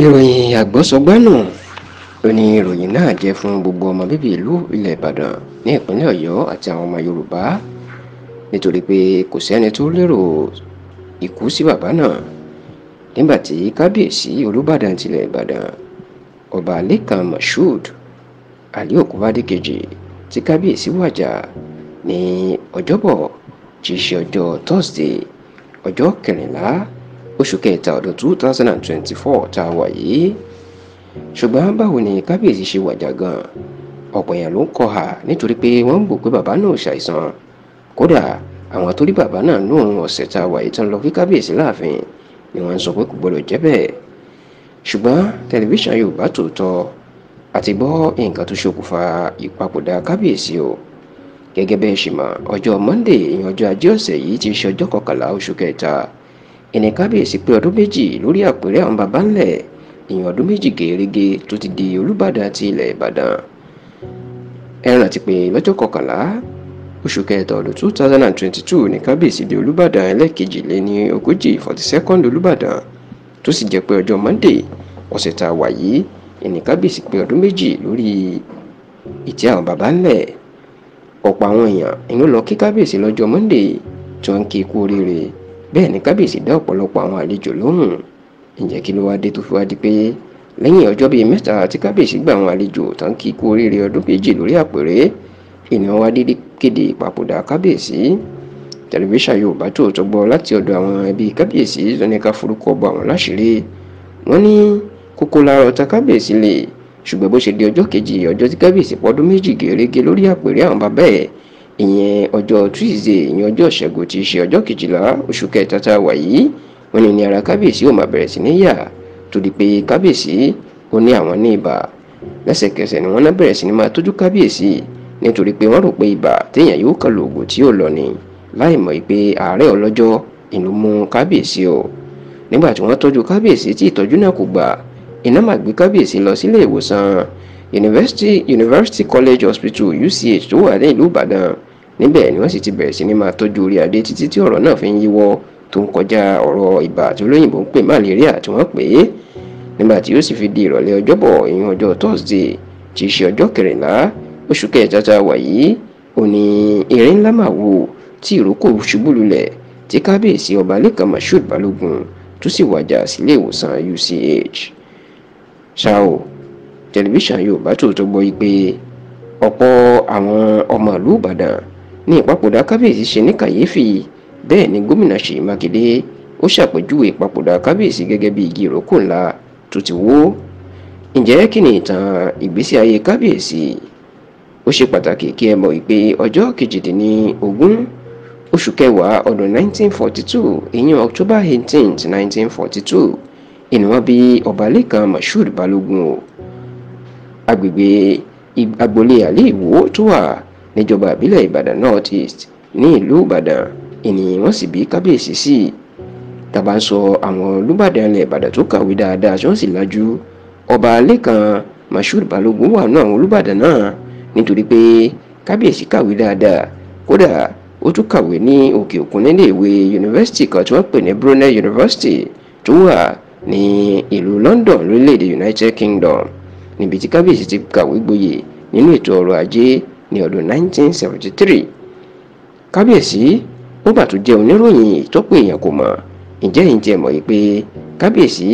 ìròyìn àgbọ́sọgbánù ò ní ìròyìn náà jẹ́ fún gbogbo ọmọ bíbí ìlú ilẹ̀ ìbàdàn ní ìpínlẹ̀ ọ̀yọ́ àti àwọn ọmọ yorùbá nítorí pé kò sẹ́ni tó lérò ikú sí bàbá náà nígbà tí kábíyèsí olùbàdàn tilẹ̀ ìbàdàn ọba lẹ́kàn moshood ali ògúnbádé kejì tí kábíyèsí wàjà ní ọjọ́bọ̀ tí í ṣe ọjọ́ thursday ọjọ́ kẹrìnlá oṣù kẹta ọdún two thousand and twenty four tá a wà yìí ṣùgbọ́n báwo ni kábíyèsí ṣe wàjà gan ọ̀pọ̀ èèyàn ló ń kọ́ ha nítorí pé wọ́n ń gbọ́ pé bàbá náà ṣàìsàn kódà àwọn tó rí bàbá náà lóòrùn ọ̀sẹ̀ tá a wà yìí tán lọ kí kábíyèsí láàfin ni wọ́n ń sọ pé kò gbọ́dọ̀ jẹ́ bẹ́ẹ̀ ṣùgbọ́n tẹlifíṣàn Yorùbá Tòótọ́ àti gbọ́ nǹkan tó ṣokùnfà ìpapòdà kábíyèsí o gẹ́gẹ́ bẹ́ẹ̀ ṣì mọ̀ ọjọ́ Monday ìyẹn ọjọ́ ajé ọ̀sẹ̀ yìí ti ṣe ọjọ́ kọkànlá oṣù kẹta ìní kábíyèsí pé ọdún méjì lórí àpèrè àwọn baba ńlẹ̀ ìyẹn ọdún méjì gèrègè tó ti di olùbàdàn ti ilẹ̀ ìbàdàn ẹ rántí pé lọ́jọ́ kọkànlá oṣù kẹta ọdún two thousand and twenty two ní kábíyèsí di olùbàdàn ẹlẹ́ẹ̀kejì lé ní ogójì forty second olùbàdàn tó sì jẹ́ pé ọjọ́ monday ọ̀sẹ̀ tá a wà yìí ìní kábíyèsí pé ọdún méjì lórí ìtẹ́ àwọn baba ńlẹ̀ ọ̀pọ̀ àwọn èèyàn ìlú lọ kí kábíyèsí lọ́jọ́ monday tí wọ́n ń kí ikú oríire bẹ́ẹ̀ ni kábíyèsí dá ọ̀pọ̀lọpọ̀ àwọn àlejò lóhùn ǹjẹ́ kí ló wá dé tó fi wá di pé lẹ́yìn ọjọ́ bíi mẹ́ta tí kábíyèsí gba àwọn àlejò tán kí kú oríire ọdún kejì lórí àpèrè ènìyàn wá dédé kéde ìpapòdà kábíyèsí tẹlifíṣàn yorùbá Tòótọ́ gbọ́ láti ọ̀dọ̀ àwọn ẹbí kábíyèsí lọ́nìkà forúkọ bọ àwọn láṣìírí wọ́n ní kókó láàárọ̀ ta kábíyèsí lè ṣùgbọ́n bó ṣe di ọjọ́ kejì ọjọ́ tí kábíyèsí pọ́dún méjì gèrègè lórí àpèrè àwọn bàbá ẹ̀ ìyẹn ọjọ́ Tuesday ìyẹn ọjọ́ ìṣẹ́gun tí í ṣe ọjọ́ kejìlá oṣù kẹta tá a wà yìí wọ́n ní ní ara kábíyèsí ó máa bẹ̀rẹ̀ sí ní yà torí pé kábíyèsí ó ní àwọn ní ibà lẹ́sẹ̀kẹsẹ̀ ni wọ́n náà bẹ̀rẹ̀ sí ní máa tójú kábíyèsí nítorí pé wọ́n rò pé ibà téèyàn yóò kàn lo oògùn tí yóò lọ ni láì mọ̀ pé ààrẹ ọlọ́jọ́ ìlú mú kábíyèsí o nígbà tí wọ́n tọ́jú kábíyèsí tí ìtọ́jú náà kò gbà iná máa gbé kábíyèsí lọ sílé ìwòsàn University University College Hospital UCH tó wà ní ìlú Ìbàdàn níbẹ̀ ni wọ́n sì ti bẹ̀rẹ̀ sí ni máa tọ́jú orí adé títí tí ọ̀rọ̀ náà fi ń yíwọ́ tó ń kọjá ọ̀rọ̀ ìbà tí olóyìnbó ń pè malaria tí wọ́n pè é nígbà tí ó sì fi di ìrọ̀lẹ́ ọjọ́bọ̀ ìyún ọjọ́ Thursday tí í ṣe ọjọ́ kẹrìnlá oṣù kẹta tá a wà yìí ò ní eré ńlá máa wò tí ìrókò ṣubú lulẹ̀ tí kábíyèsí ọba Lẹ́kan Mashood Balógun tó sì wàjà sílé ìwòsàn UCH ṣáò tẹlifíṣàn Yorùbá Tòótọ́ gbọ́ yí pé ọ̀pọ̀ àwọn ọmọ ìlú Ìbàdàn ní ìpapòdà kábíyèsí ṣe ní kàyéfì bẹ́ẹ̀ ni gómìnà ṣèyí mákindé ó ṣàpèjúwe ìpapòdà kábíyèsí gẹ́gẹ́ bí igi ìrókò ńlá tó ti wó ǹjẹ́ kí ni ìtàn ìgbésí ayé kábíyèsí ó ṣe pàtàkì kí ẹ mọ̀ wípé ọjọ́ kejìdínlógún oṣù kẹwàá ọdún 1942 ìyẹn October 18 1942 ìnáwó bí ọbalẹ́kan Mashood Balógun agbègbè agboolé àlè ìwò tó wà níjọba ìbílẹ̀ ìbàdàn north east ní ìlú ìbàdàn ènìyàn wọ́n sì bí kábíyèsí sí i tàbá ń sọ àwọn olùbàdàn ilẹ̀ ìbàdàn tó kàwé dáadáa tí wọ́n sì lajú ọba lẹ́kan mashood balógun wà náà àwọn olùbàdàn náà nítorí pé kábíyèsí kàwé dáadáa kódà ó tún kàwé ní òkè òkun nílé ìwé yunifásitì kan tí wọ́n pè ní Brunel University tó wà ní ìlú London lórílẹ̀‐èdè United Kingdom níbi tí kábíyèsí ti kàwé gboyè nínú ètò ọrọ̀ ajé ní ọdún 1973 kábíyèsí nígbà tó jẹ́ oníròyìn ìtọ́pọ̀ èèyàn kò mọ̀ ǹjẹ́ yìí jẹ́ mọ̀ yìí pé kábíyèsí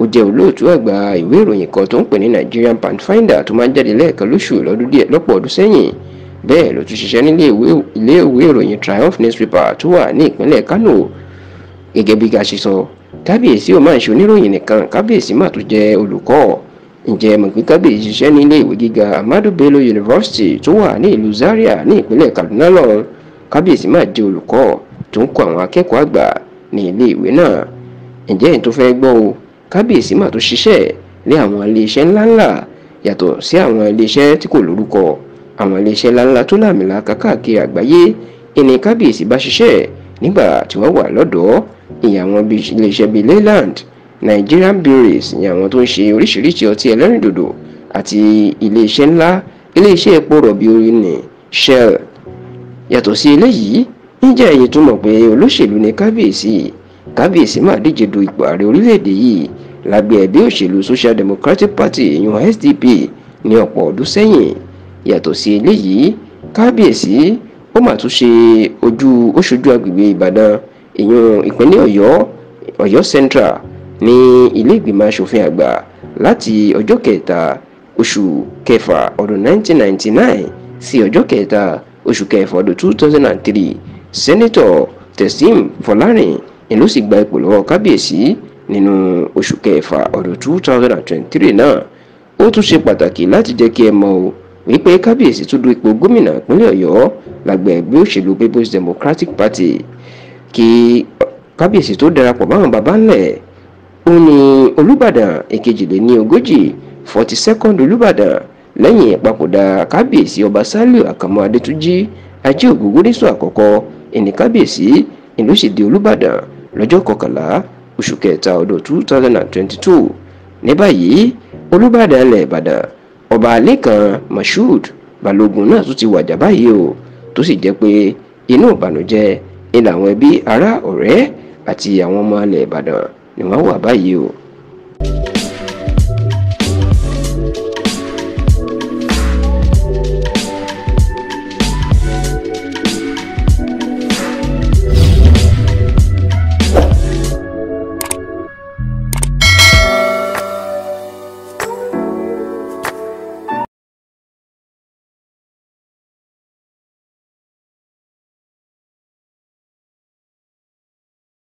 ó jẹ́ olóòtú àgbà ìwé ìròyìn kan tó ń pè ní Nigerian Pathfinder tó máa ń jáde lẹ́ẹ̀kan lóṣù lọ́dún díẹ̀ lọ́pọ̀ ọdún sẹ́yìn bẹ́ẹ̀ ló tún ṣiṣẹ́ nílé ìwé ìròyìn Triumph newspaper tó wà ní ìpínlẹ̀ Kano gẹ́gẹ́ bí ga ṣe sọ kábíyèsí ò máa ń ṣe oníròyìn nìkan kábíyèsí máa tún jẹ́ olùkọ́ ǹjẹ́ mọ̀ pé kábíyèsí ṣiṣẹ́ ní ilé ìwé gíga Ahmadu Bello University tó wà ní ìlú Zaria ní ìpínlẹ̀ Kaduna lọ kábíyèsí máa jẹ́ olùkọ́ tó ń kọ́ àwọn akẹ́kọ̀ọ́ àgbà ní ilé ìwé náà ǹjẹ́ èyí tó fẹ́ gbọ́ o kábíyèsí máa tó ṣiṣẹ́ lé àwọn iléeṣẹ́ ńláńlá yàtọ̀ sí àwọn iléeṣẹ́ tí kò lórúkọ àwọn iléeṣẹ́ ńláńlá tó làmìlaka káàkiri àgbáyé ìní kábíyèsí bá ṣiṣẹ́ nígbà tí wọ́n wà lọ́dọ̀ọ́ ìyàwọn Nigerian breweries ni àwọn tó ń ṣe oríṣiríṣi ọtí ẹlẹ́rìndòdò àti iléeṣẹ́ ńlá iléeṣẹ́ epo rọ̀bì orin ní Shell yàtọ̀ sí eléyìí ǹjẹ́ ẹ̀yin tún mọ̀ pé olóṣèlú ni kábíyèsí kábíyèsí máa díje du ipò ààrẹ orílẹ̀-èdè yìí lábẹ́ ẹgbẹ́ òṣèlú Social Democratic Party ìyún SDP ní ọ̀pọ̀ ọdún sẹ́yìn yàtọ̀ sí eléyìí kábíyèsí ó mà tún ṣe ojú ó ṣojú agbègbè Ìbàdàn ìyún ìpínlẹ̀ Ọ̀yọ́ Ọ̀yọ́ Central ní ilé ìgbìmọ̀ asòfin àgbà láti ọjọ́ kẹta oṣù kẹfà ọdún 1999 sí ọjọ́ kẹta oṣù kẹfà ọdún 2003 sẹ́nẹ́tọ̀ Teslim Fọlárin ni ló sì gba ipò lọ́wọ́ kábíyèsí nínú oṣù kẹfà ọdún 2023 náà ó tún ṣe pàtàkì láti jẹ́ kí ẹ mọ̀ o wípé kábíyèsí tún du ipò gómìnà ìpínlẹ̀ ọ̀yọ́ lágbà ẹgbẹ́ òṣèlú people's democratic party kí kábíyèsí tó darapọ̀ báwọn baba ńlẹ̀ ó ní olùbàdàn èkejìléní ogójì forty second olùbàdàn lẹ́yìn ìpapòdà kábíyèsí ọba sálíù àkànmú adétúnjì ajé ògúngúnnísọ àkọ́kọ́ ẹni kábíyèsí ìlú sì di olùbàdàn lọ́jọ́ kọkànlá oṣù kẹta ọdún two thousand and twenty two ní báyìí olùbàdàn ilẹ̀ ìbàdàn ọba lẹ́kan mashood balógun náà tún ti wàjà báyìí o tó sì jẹ́ pé inú ìbànújẹ́ ni làwọn ẹbí ará ọ̀rẹ́ àti àwọn ọmọ ilẹ̀ ìbàdàn irmão Abaio.